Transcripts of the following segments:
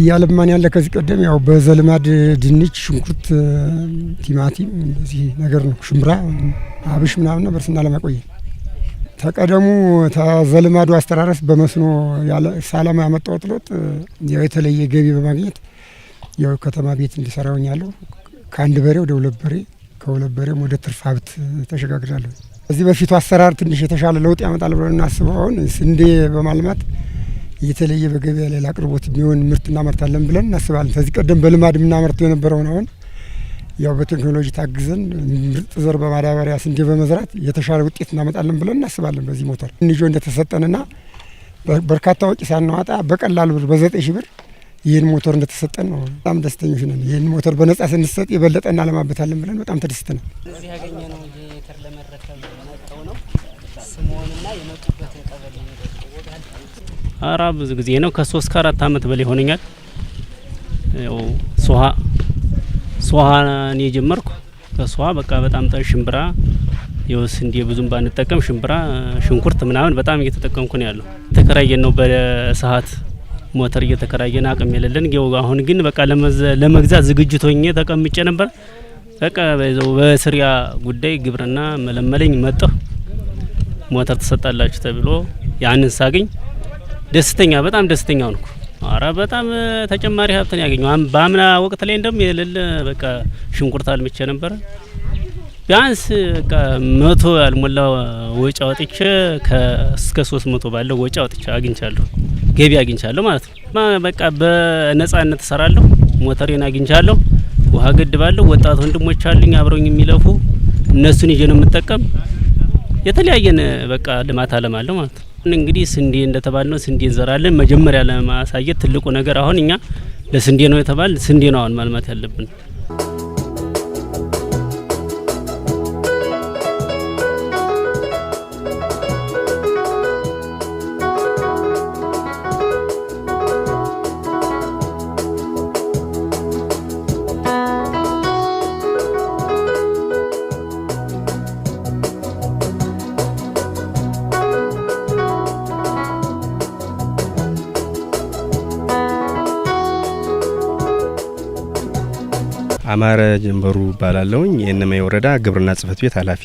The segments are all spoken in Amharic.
እያለማን ያለ ከዚህ ቀደም ያው በዘልማድ ድንች፣ ሽንኩርት፣ ቲማቲም እንደዚህ ነገር ነው። ሽምብራ፣ አብሽ ምናምን ነበር ስናለማ ቆየን። ተቀደሙ ተዘልማዱ አስተራረስ በመስኖ ሳለማ ያመጣሁት ለውጥ ያው የተለየ ገቢ በማግኘት ያው ከተማ ቤት ያለው ከአንድ በሬ ወደ ሁለት በሬ ከሁለት በሬም ወደ ትርፍ ሀብት ተሸጋግራለሁ። ከዚህ በፊቱ አሰራር ትንሽ የተሻለ ለውጥ ያመጣል ብለን እናስበው አሁን ስንዴ በማልማት የተለየ በገበያ ላይ ለአቅርቦት የሚሆን ምርት እናመርታለን ብለን እናስባለን። ከዚህ ቀደም በልማድ የምናመርተው የነበረውን አሁን ያው በቴክኖሎጂ ታግዘን ምርጥ ዘር በማዳበሪያ ስንዴ በመዝራት የተሻለ ውጤት እናመጣለን ብለን እናስባለን። በዚህ ሞተር ንጆ እንደተሰጠንና በርካታ ወጪ ሳናዋጣ በቀላል ብር በዘጠኝ ሺ ብር ይህን ሞተር እንደተሰጠን ነው በጣም ደስተኞች ነን። ይህን ሞተር በነጻ ስንሰጥ የበለጠ እናለማበታለን ብለን በጣም ተደስተናል። እዚህ ያገኘነው ሞተር ለመረከብ መጠው ነው ስምዎንና የመጡበትን ቀበሌ አራ ብዙ ጊዜ ነው። ከሶስት ከአራት አመት በላይ ሆነኛል። ያው ሶሃ ሶሃ እኔ ጀመርኩ ከሶሃ በቃ በጣም ጠ ሽምብራ የውስ እንዴ ብዙም ባንጠቀም ሽምብራ፣ ሽንኩርት ምናምን በጣም እየተጠቀምኩ ነው ያለው። ተከራየን ነው በሰዓት ሞተር እየተከራየን አቅም የሌለን ጌው። አሁን ግን በቃ ለመግዛት ዝግጅት ሆኜ ተቀምጬ ነበር። በቃ በዛው በስሪያ ጉዳይ ግብርና መለመለኝ መጣሁ። ሞተር ትሰጣላችሁ ተብሎ ያንን ሳገኝ ደስተኛ በጣም ደስተኛ ሆንኩ። አረ በጣም ተጨማሪ ሀብትን ያገኙ በአምና ወቅት ላይ እንደም የሌለ በቃ ሽንኩርት አልምቼ ነበረ። ቢያንስ በቃ መቶ ያልሞላ ወጪ አውጥቼ እስከ ሶስት መቶ ባለው ወጪ አውጥቼ አግኝቻለሁ፣ ገቢ አግኝቻለሁ ማለት ነው። በቃ በነጻነት እሰራለሁ፣ ሞተሬን አግኝቻለሁ፣ ውሃ ገድባለሁ። ወጣት ወንድሞች አሉኝ አብረውኝ የሚለፉ እነሱን ይዤ ነው የምጠቀም። የተለያየን በቃ ልማት አለማለሁ ማለት ነው። እንግዲህ ስንዴ እንደተባልነው ስንዴ እንዘራለን። መጀመሪያ ለማሳየት ትልቁ ነገር አሁን እኛ ለስንዴ ነው የተባል ስንዴ ነው አሁን ማልማት ያለብን። አማረ ጀንበሩ እባላለሁኝ። የእነማ ወረዳ ግብርና ጽህፈት ቤት ኃላፊ።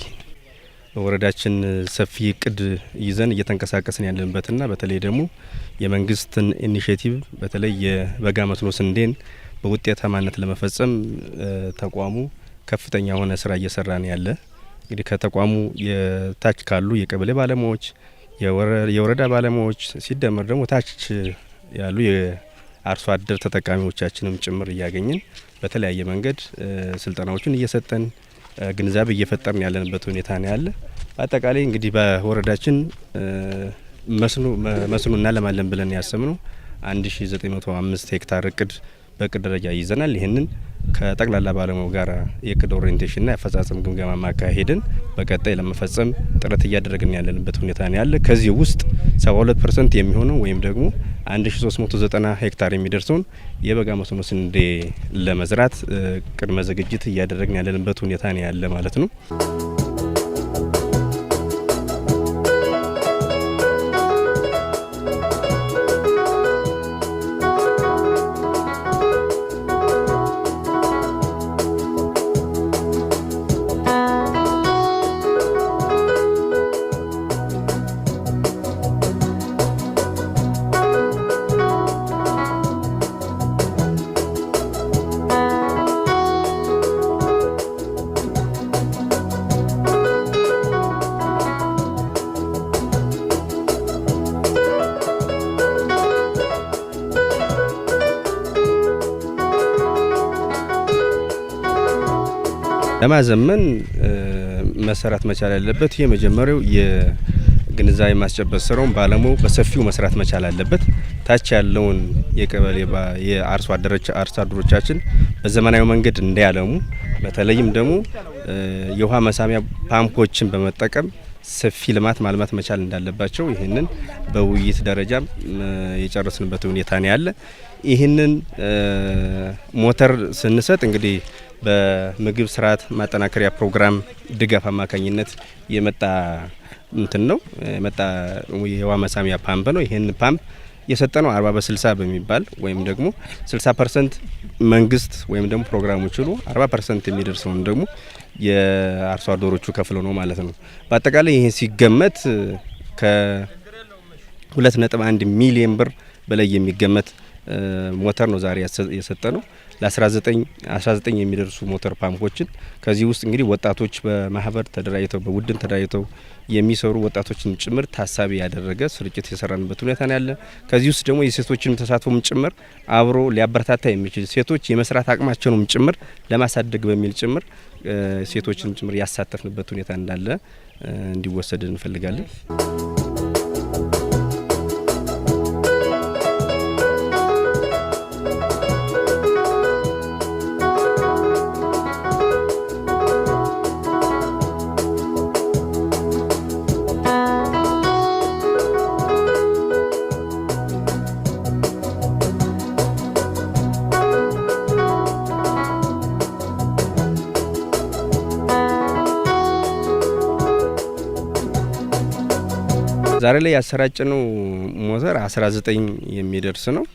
ወረዳችን ሰፊ እቅድ ይዘን እየተንቀሳቀስን ያለንበትና በተለይ ደግሞ የመንግስትን ኢኒሽቲቭ በተለይ የበጋ መስኖ ስንዴን በውጤታማነት ለመፈጸም ተቋሙ ከፍተኛ የሆነ ስራ እየሰራ ነው ያለ። እንግዲህ ከተቋሙ የታች ካሉ የቀበሌ ባለሙያዎች፣ የወረዳ ባለሙያዎች ሲደመር ደግሞ ታች ያሉ አርሶ አደር ተጠቃሚዎቻችንም ጭምር እያገኘን በተለያየ መንገድ ስልጠናዎችን እየሰጠን ግንዛቤ እየፈጠርን ያለንበት ሁኔታ ነው ያለ። በአጠቃላይ እንግዲህ በወረዳችን መስኖ እናለማለን ብለን ያሰምነው 1905 ሄክታር እቅድ በቅድ ደረጃ ይዘናል። ይህንን ከጠቅላላ ባለሙያው ጋር የእቅድ ኦሪየንቴሽንና የአፈጻጸም ግምገማ ማካሄድን በቀጣይ ለመፈጸም ጥረት እያደረግን ያለንበት ሁኔታ ነው ያለ። ከዚህ ውስጥ 72 ፐርሰንት የሚሆነው ወይም ደግሞ 1390 ሄክታር የሚደርሰውን የበጋ መስኖ ስንዴ ለመዝራት ቅድመ ዝግጅት እያደረግን ያለንበት ሁኔታ ነው ያለ ማለት ነው። ለማዘመን መሰራት መቻል ያለበት ይህ የግንዛቤ ማስጨበጥ ስራውን ባለሙያው በሰፊው መስራት መቻል አለበት። ታች ያለውን የቀበሌ የአርሶ አደሮቻችን በዘመናዊ መንገድ እንዳያለሙ በተለይም ደግሞ የውሃ መሳሚያ ፓምፖችን በመጠቀም ሰፊ ልማት ማልማት መቻል እንዳለባቸው ይህንን በውይይት ደረጃ የጨረስንበት ሁኔታ ነው ያለ። ይህንን ሞተር ስንሰጥ እንግዲህ በምግብ ስርዓት ማጠናከሪያ ፕሮግራም ድጋፍ አማካኝነት የመጣ እንትን ነው የመጣ የውሃ መሳሚያ ፓምፕ ነው። ይህን ፓምፕ የሰጠነው አርባ በስልሳ በሚባል ወይም ደግሞ ስልሳ ፐርሰንት መንግስት ወይም ደግሞ ፕሮግራሞች ሁሉ አርባ ፐርሰንት የሚደርሰውን ደግሞ የአርሶ አደሮቹ ከፍሎ ነው ማለት ነው። በአጠቃላይ ይህ ሲገመት ከሁለት ነጥብ አንድ ሚሊየን ብር በላይ የሚገመት ሞተር ነው ዛሬ የሰጠ ነው ለ19 የሚደርሱ ሞተር ፓምፖችን ከዚህ ውስጥ እንግዲህ ወጣቶች በማህበር ተደራጅተው በቡድን ተደራጅተው የሚሰሩ ወጣቶችን ጭምር ታሳቢ ያደረገ ስርጭት የሰራንበት ሁኔታ ነው ያለ። ከዚህ ውስጥ ደግሞ የሴቶችን ተሳትፎም ጭምር አብሮ ሊያበረታታ የሚችል ሴቶች የመስራት አቅማቸውንም ጭምር ለማሳደግ በሚል ጭምር ሴቶችን ጭምር ያሳተፍንበት ሁኔታ እንዳለ እንዲወሰድ እንፈልጋለን። ዛሬ ላይ ያሰራጨነው ሞተር 19 የሚደርስ ነው።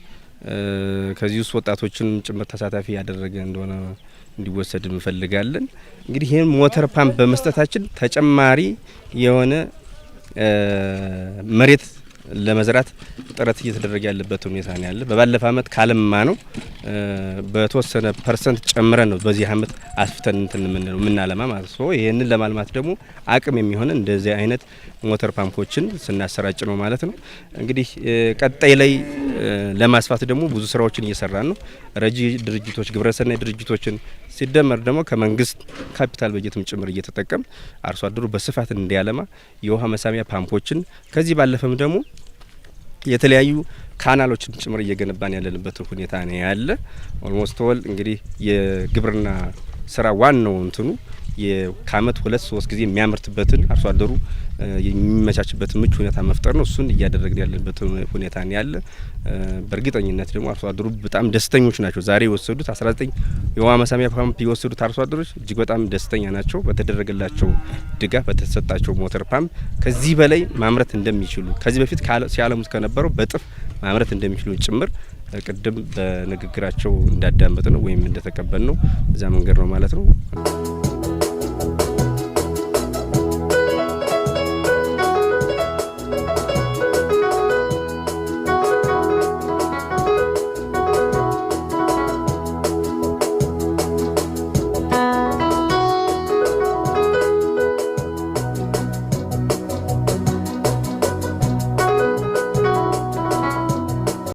ከዚህ ውስጥ ወጣቶችን ጭምር ተሳታፊ ያደረገ እንደሆነ እንዲወሰድ እንፈልጋለን። እንግዲህ ይህን ሞተር ፓምፕ በመስጠታችን ተጨማሪ የሆነ መሬት ለመዝራት ጥረት እየተደረገ ያለበት ሁኔታ ነው ያለ። በባለፈ አመት ካለማ ነው በተወሰነ ፐርሰንት ጨምረን ነው በዚህ አመት አስፍተን እንትን የምንለው የምናለማ ማለት ነው። ይህንን ለማልማት ደግሞ አቅም የሚሆን እንደዚህ አይነት ሞተር ፓምፖችን ስናሰራጭ ነው ማለት ነው። እንግዲህ ቀጣይ ላይ ለማስፋት ደግሞ ብዙ ስራዎችን እየሰራን ነው። ረጂ ድርጅቶች፣ ግብረሰናይ ድርጅቶችን ሲደመር ደግሞ ከመንግስት ካፒታል በጀትም ጭምር እየተጠቀም አርሶ አደሩ በስፋት እንዲያለማ የውሃ መሳሚያ ፓምፖችን ከዚህ ባለፈም ደግሞ የተለያዩ ካናሎችን ጭምር እየገነባን ያለንበት ሁኔታ ነው ያለ። ኦልሞስት ኦል እንግዲህ የግብርና ስራ ዋናው እንትኑ ከአመት ሁለት ሶስት ጊዜ የሚያመርትበትን አርሶ አደሩ የሚመቻችበት ምቹ ሁኔታ መፍጠር ነው። እሱን እያደረግን ያለበት ሁኔታ ያለ። በእርግጠኝነት ደግሞ አርሶ አደሩ በጣም ደስተኞች ናቸው። ዛሬ የወሰዱት 19 የውሃ መሳሚያ ፓምፕ የወሰዱት አርሶ አደሮች እጅግ በጣም ደስተኛ ናቸው። በተደረገላቸው ድጋፍ፣ በተሰጣቸው ሞተር ፓምፕ ከዚህ በላይ ማምረት እንደሚችሉ ከዚህ በፊት ሲያለሙት ከነበረው በጥፍ ማምረት እንደሚችሉ ጭምር ቅድም በንግግራቸው እንዳዳመጥ ነው ወይም እንደተቀበል ነው እዚያ መንገድ ነው ማለት ነው።